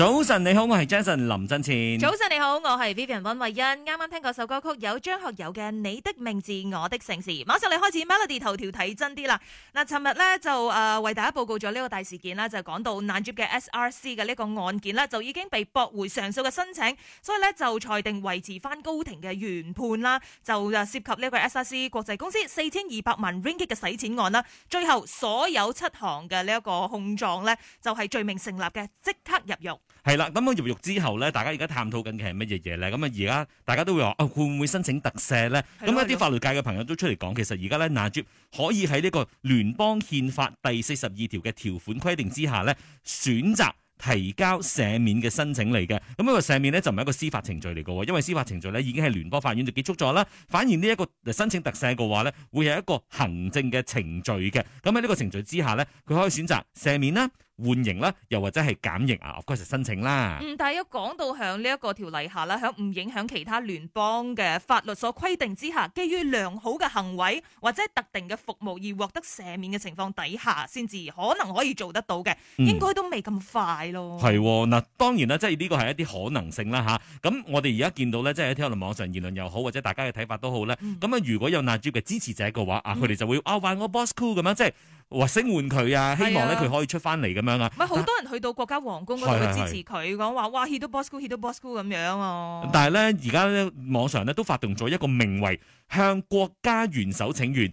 .早晨，你好，我係 Jason 林振前。早晨，你好，我係 Vivian 溫慧欣。啱啱聽過首歌曲，有張學友嘅《你的名字我的城市》。馬上你開始 Melody 頭條睇真啲啦。嗱，尋日咧就誒為大家報告咗呢個大事件啦，就講到納吉嘅 SRC 嘅呢個案件呢，就已經被駁回上訴嘅申請，所以咧就裁定維持翻高庭嘅原判啦。就涉及呢個 SRC 國際公司四千二百萬 ringgit 嘅洗錢案啦。最後所有七項嘅呢一個控狀呢，就係罪名成立嘅，即刻入獄。係啦，咁我入獄之後咧，大家而家探討緊嘅係乜嘢嘢咧？咁啊，而家大家都會話啊，會唔會申請特赦咧？咁一啲法律界嘅朋友都出嚟講，其實而家咧，拿住可以喺呢個聯邦憲法第四十二條嘅條款規定之下咧，選擇提交赦免嘅申請嚟嘅。咁呢個赦免咧就唔係一個司法程序嚟喎，因為司法程序咧已經喺聯邦法院就結束咗啦。反而呢一個申請特赦嘅話咧，會係一個行政嘅程序嘅。咁喺呢個程序之下咧，佢可以選擇赦免啦。緩刑啦，又或者係減刑啊，嗰時申請啦。嗯，但係一講到喺呢一個條例下啦，喺唔影響其他聯邦嘅法律所規定之下，基於良好嘅行為或者特定嘅服務而獲得赦免嘅情況底下，先至可能可以做得到嘅、嗯，應該都未咁快咯。係、哦，嗱，當然啦，即係呢個係一啲可能性啦，吓。咁我哋而家見到咧，即係喺我哋網上言論又好，或者大家嘅睇法都好呢。咁、嗯、啊，如果有納豬嘅支持者嘅話、嗯，啊，佢哋就會啊，我 boss cool 咁樣，即係。話聲援佢啊，希望咧佢可以出翻嚟咁樣啊。咪好多人去到國家皇宮嗰度去支持佢，講話哇 hit 到 boss，hit 到 boss 咁樣啊。但呢」但係咧，而家咧網上咧都發動咗一個名為向國家元首請願。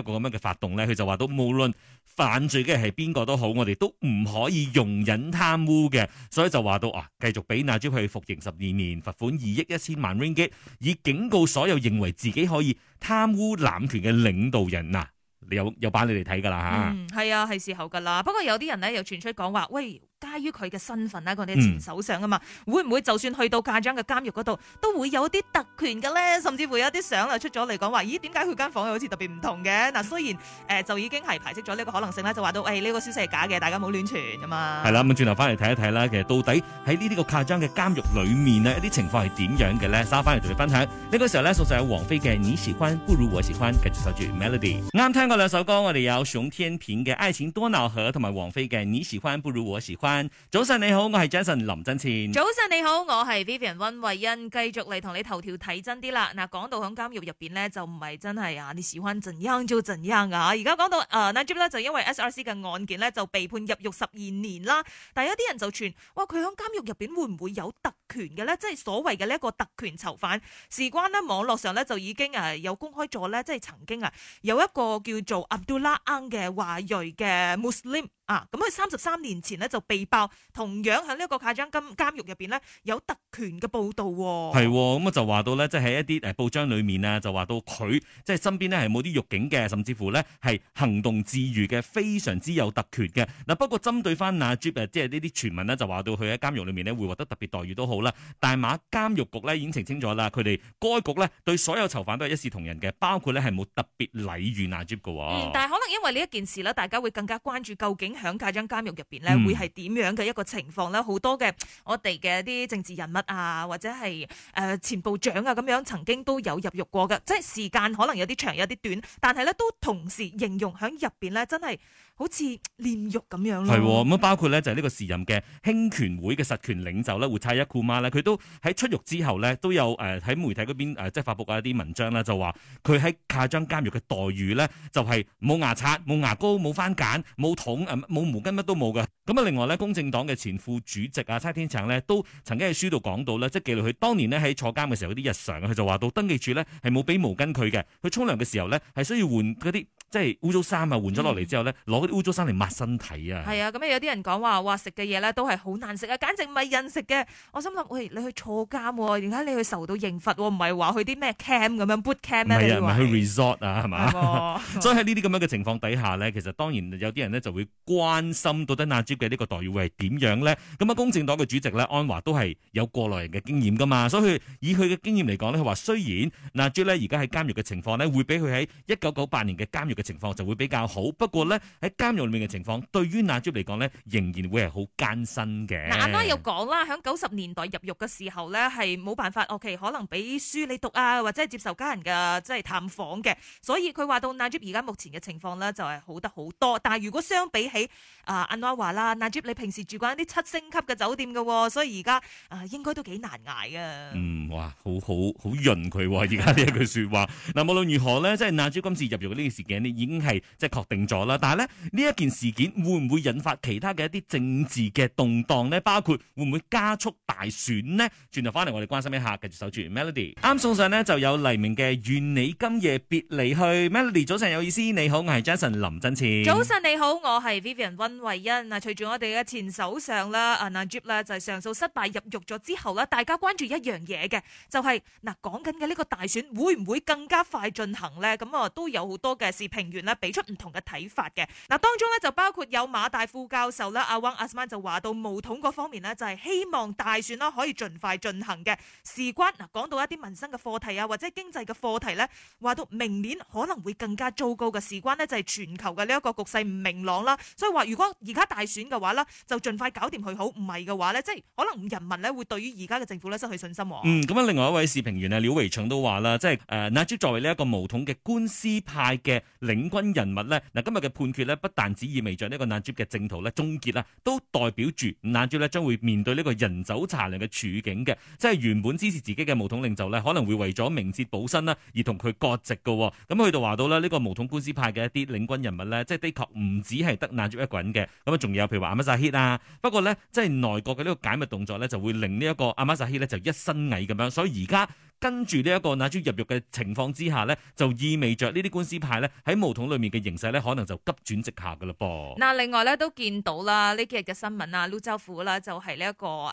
一個咁樣嘅發動咧，佢就話到無論犯罪嘅係邊個都好，我哋都唔可以容忍貪污嘅，所以就話到啊，繼續俾那珠去服刑十二年，罰款二億一千萬 ringgit，以警告所有認為自己可以貪污濫權嘅領導人嗱，啊，有有版你哋睇噶啦吓，嗯，係啊，係時候噶啦，不過有啲人咧又傳出講話，喂。介於佢嘅身份啦，嗰啲情手相啊嘛，嗯、會唔會就算去到嫁裝嘅監獄嗰度，都會有啲特權嘅咧？甚至乎有啲相啊出咗嚟講話，咦？點解佢間房又好似特別唔同嘅？嗱，雖然誒、呃、就已經係排斥咗呢個可能性啦，就話到誒呢、欸這個消息係假嘅，大家冇亂傳啊嘛。係啦，咁轉頭翻嚟睇一睇啦，其實到底喺呢啲個假裝嘅監獄裏面呢，一啲情況係點樣嘅咧？稍後翻嚟同你分享。呢、這個時候咧，送上王菲嘅《你喜歡不如我喜歡》繼續守住 Melody。啱聽過兩首歌，我哋有熊天平嘅《愛情多瑙河》同埋王菲嘅《你喜歡不如我喜歡》。早晨你好，我係 Jason 林振千。早晨你好，我係 Vivian 溫慧恩。繼續嚟同你頭條睇真啲啦。嗱，講到響監獄入邊咧，就唔係真係啊，你喜歡怎樣就怎樣啊。而家講到誒 Najib 咧就因為 S R C 嘅案件咧就被判入獄十二年啦。但係有啲人就傳，哇，佢響監獄入邊會唔會有特權嘅咧？即係所謂嘅呢一個特權囚犯。事關呢，網絡上咧就已經誒有公開咗咧，即係曾經啊有一個叫做 Abdullah 啱嘅華裔嘅 Muslim。啊，咁佢三十三年前就被爆，同樣喺呢個個卡章監獄入面呢有特權嘅報道、哦。係、哦，咁啊就話到呢，即、就、係、是、一啲誒報章裏面啊，就話到佢即係身邊呢，係冇啲獄警嘅，甚至乎呢係行動自如嘅，非常之有特權嘅。嗱，不過針對翻阿 Jib 即係呢啲傳聞呢，就話到佢喺監獄裏面呢會獲得特別待遇都好啦。但係大馬監獄局呢，已經澄清咗啦，佢哋該局呢對所有囚犯都係一視同仁嘅，包括呢係冇特別禮遇阿 Jib 嘅。喎、嗯。但係可能因為呢一件事呢，大家會更加關注究竟。響嗰張監獄入邊咧，會係點樣嘅一個情況咧？好、嗯、多嘅我哋嘅一啲政治人物啊，或者係誒、呃、前部長啊這，咁樣曾經都有入獄過嘅，即係時間可能有啲長，有啲短，但係咧都同時形容喺入邊咧，真係。好似煉獄咁樣咯，係咁啊！包括咧就係、是、呢個時任嘅興權會嘅實權領袖咧，胡差一庫馬咧，佢都喺出獄之後咧，都有誒喺媒體嗰邊誒、呃、即係發佈過一啲文章啦，就話佢喺卡張監獄嘅待遇咧，就係、是、冇牙刷、冇牙膏、冇番梘、冇桶、誒冇毛巾乜都冇嘅。咁啊，另外咧，公正黨嘅前副主席啊，差天祥咧，都曾經喺書度講到咧，即係記錄佢當年咧喺坐監嘅時候嗰啲日常。佢就話到登記處咧係冇俾毛巾佢嘅，佢沖涼嘅時候咧係需要換嗰啲。即係污糟衫啊，換咗落嚟之後咧，攞啲污糟衫嚟抹身體啊！係啊，咁有啲人講話話食嘅嘢咧都係好難食啊，簡直唔係人食嘅。我心諗，喂，你去坐監、啊，點解你去受到刑罰，唔係話去啲咩 cam 咁樣 boot cam 咩？唔係啊，唔係去，啊、去 resort 啊，係嘛？ 所以喺呢啲咁樣嘅情況底下咧，其實當然有啲人咧就會關心到底娜珠嘅呢個待遇會係點樣咧？咁啊，公正黨嘅主席咧安華都係有過來人嘅經驗噶嘛，所以佢以佢嘅經驗嚟講咧，佢話雖然娜珠咧而家喺監獄嘅情況咧，會比佢喺一九九八年嘅監獄。嘅情況就會比較好，不過咧喺監獄裏面嘅情況，對於納珠嚟講咧，仍然會係好艱辛嘅、啊。安娜又講啦，喺九十年代入獄嘅時候咧，係冇辦法，O、okay, K，可能俾書你讀啊，或者係接受家人嘅即係探訪嘅。所以佢話到納珠而家目前嘅情況咧，就係、是、好得好多。但係如果相比起啊，安娜話啦，納、呃、珠你平時住慣一啲七星級嘅酒店嘅、哦，所以而家啊應該都幾難捱啊。嗯，哇，好好好潤佢、哦，而家呢一句說話。嗱， 無論如何咧，即係納珠今次入獄呢件事件。已經係即係確定咗啦，但係咧呢一件事件會唔會引發其他嘅一啲政治嘅動盪咧？包括會唔會加速大選咧？轉頭返嚟，我哋關心一下，繼續守住 Melody。啱送上咧就有黎明嘅《願你今夜別離去》。Melody 早晨有意思，你好，我係 Jason 林振前。早晨你好，我係 Vivian 溫慧欣。嗱，隨住我哋嘅前首相啦，啊 Najib 咧就係上訴失敗入獄咗之後咧，大家關注一樣嘢嘅就係嗱講緊嘅呢個大選會唔會更加快進行咧？咁啊都有好多嘅視頻。成員咧俾出唔同嘅睇法嘅，嗱，當中咧就包括有馬大副教授啦，阿汪阿斯曼就話到毛統嗰方面呢，就係希望大選啦可以盡快進行嘅，事關嗱，講到一啲民生嘅課題啊或者經濟嘅課題咧，話到明年可能會更加糟糕嘅，事關呢，就係全球嘅呢一個局勢唔明朗啦，所以話如果而家大選嘅話呢，就盡快搞掂佢好，唔係嘅話咧即係可能人民咧會對於而家嘅政府咧失去信心喎。嗯，咁啊另外一位視評員啊廖維崇都話啦，即係誒納珠作為呢一個毛統嘅官司派嘅。領軍人物咧，嗱今日嘅判決咧，不但只意味着呢個納珠嘅政途咧終結啦，都代表住納珠咧將會面對呢個人走茶涼嘅處境嘅，即係原本支持自己嘅毛統領袖咧，可能會為咗明哲保身啦，而同佢割席喎、哦。咁去到話到咧，呢、呢個毛統官司派嘅一啲領軍人物咧，即係的確唔止係得納珠一個人嘅，咁啊，仲有譬如話阿馬薩希啊，不過咧，即係內閣嘅呢個解密動作咧，就會令呢一個阿馬薩希咧就一身蟻咁樣，所以而家。跟住呢一個納吉入獄嘅情況之下呢，就意味着呢啲官司派呢喺巫統裏面嘅形勢呢，可能就急轉直下㗎喇噃。嗱，另外呢都見到啦，幾呢幾日嘅新聞啊，陸兆福啦，就係呢一個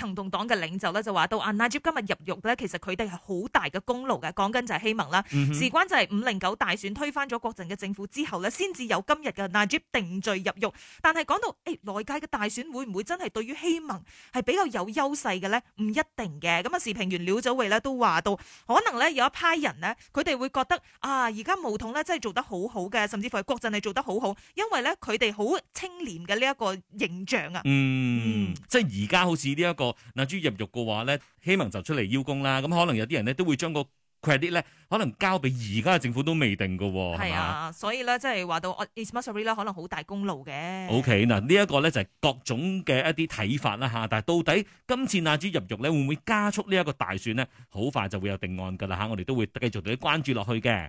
行動黨嘅領袖呢，就話、是這個呃、到啊，納吉今日入獄呢，其實佢哋係好大嘅功勞嘅，講緊就係希盟啦、嗯。事關就係五零九大選推翻咗國陣嘅政府之後呢，先至有今日嘅納吉定罪入獄。但係講到誒內、哎、屆嘅大選會唔會真係對於希盟係比較有優勢嘅呢？唔一定嘅。咁啊時評員廖祖偉呢，都話。話到，可能咧有一批人咧，佢哋會覺得啊，而家巫統咧真係做得好好嘅，甚至乎係國陣係做得好好，因為咧佢哋好清廉嘅呢一個形象啊、嗯。嗯，即係而家好似呢一個嗱，豬入獄嘅話咧，希盟就出嚟邀功啦。咁可能有啲人咧都會將個。credit 咧，可能交俾而家嘅政府都未定噶，係嘛、啊？所以咧，即係話到，我 is necessary 咧，可能好大功勞嘅。O K，嗱呢一個咧就係各種嘅一啲睇法啦吓，但係到底今次阿珠入獄咧，會唔會加速呢一個大選咧？好快就會有定案噶啦吓，我哋都會繼續對關注落去嘅。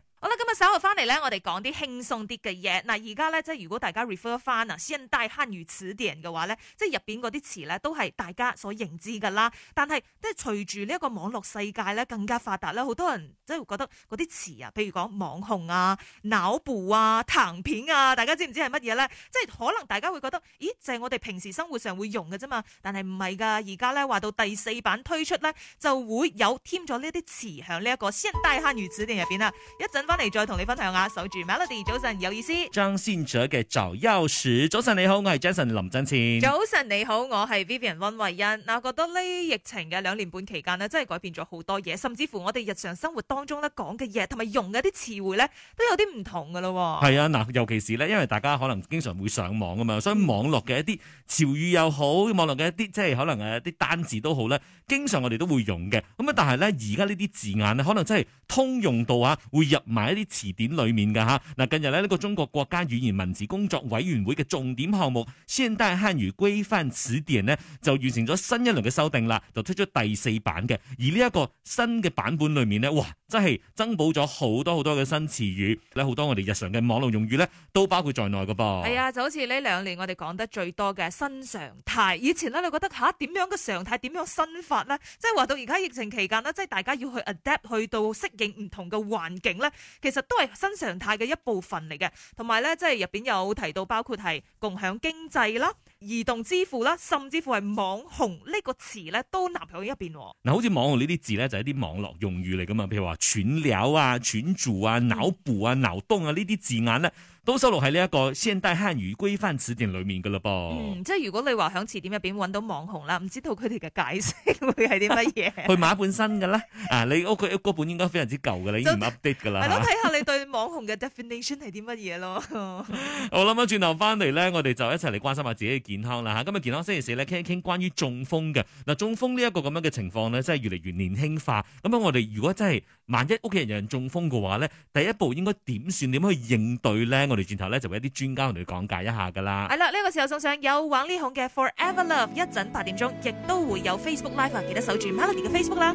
稍後翻嚟咧，我哋講啲輕鬆啲嘅嘢。嗱，而家咧即係如果大家 refer 翻啊《現代漢語詞典》嘅話咧，即係入邊嗰啲詞咧都係大家所認知㗎啦。但係即係隨住呢一個網絡世界咧更加發達啦。好多人即係會覺得嗰啲詞啊，譬如講網紅啊、腦補啊、躺平啊，大家知唔知係乜嘢咧？即係可能大家會覺得，咦，就係、是、我哋平時生活上會用嘅啫嘛。但係唔係㗎，而家咧話到第四版推出咧，就會有添咗呢啲詞喺呢一個《現代漢語詞典》入邊啦。一陣翻嚟再。同你分享下守住 melody，早晨有意思。張先哲嘅就休匙，早晨你好，我係 Jason 林振倩。早晨你好，我係 Vivian 温慧欣。嗱，我覺得呢疫情嘅兩年半期間咧，真係改變咗好多嘢，甚至乎我哋日常生活當中咧講嘅嘢同埋用嘅啲詞彙咧，都有啲唔同噶咯。係啊，嗱，尤其是咧，因為大家可能經常會上網啊嘛，所以網絡嘅一啲潮語又好，網絡嘅一啲即係可能一啲單字都好咧，經常我哋都會用嘅。咁啊，但係咧而家呢啲字眼咧，可能真係通用到啊，會入埋一啲。詞典裏面㗎吓，嗱近日呢，呢、呢個中國國家語言文字工作委員會嘅重點項目《現代漢語規範詞典》呢就完成咗新一輪嘅修訂啦，就推出第四版嘅。而呢一個新嘅版本裏面呢，哇，真係增補咗好多好多嘅新詞語，咧好多我哋日常嘅網絡用語呢，都包括在內㗎噃。係啊，就好似呢兩年我哋講得最多嘅新常態，以前呢，你覺得吓點樣嘅常態，點樣新法呢？即係話到而家疫情期間呢，即係大家要去 adapt 去到適應唔同嘅環境呢。其實。都係新常態嘅一部分嚟嘅，同埋咧，即係入邊有提到包括係共享經濟啦、移動支付啦，甚至乎係網紅呢個詞咧，都包含喺入邊。嗱，好似網紅呢啲字咧，就係一啲網絡用語嚟㗎嘛，譬如話喘料啊、喘住啊、鬧部啊、鬧東啊呢啲字眼咧。都收錄喺呢一個《現代漢語規範詞典》裏面噶啦噃。嗯，即係如果你話喺詞典入邊揾到網紅啦，唔知道佢哋嘅解釋會係啲乜嘢？ 去買本新嘅啦，啊，你屋企嗰本應該非常之舊噶啦，已經 update 噶啦。係咯，睇、啊、下你對網紅嘅 definition 係啲乜嘢咯。 好啦，咁轉頭翻嚟咧，我哋就一齊嚟關心下自己嘅健康啦吓。今日健康星期四咧，傾一傾關於中風嘅。嗱，中風呢一個咁樣嘅情況咧，真係越嚟越年輕化。咁樣我哋如果真係。萬一屋企人有人中風嘅話咧，第一步應該點算？點去應對咧？我哋轉頭咧就為一啲專家同你講解一下噶啦。係啦，呢、這個時候送上有玩呢孔嘅 Forever Love，一陣八點鐘亦都會有 Facebook Live，、啊、記得守住馬立賢嘅 Facebook 啦。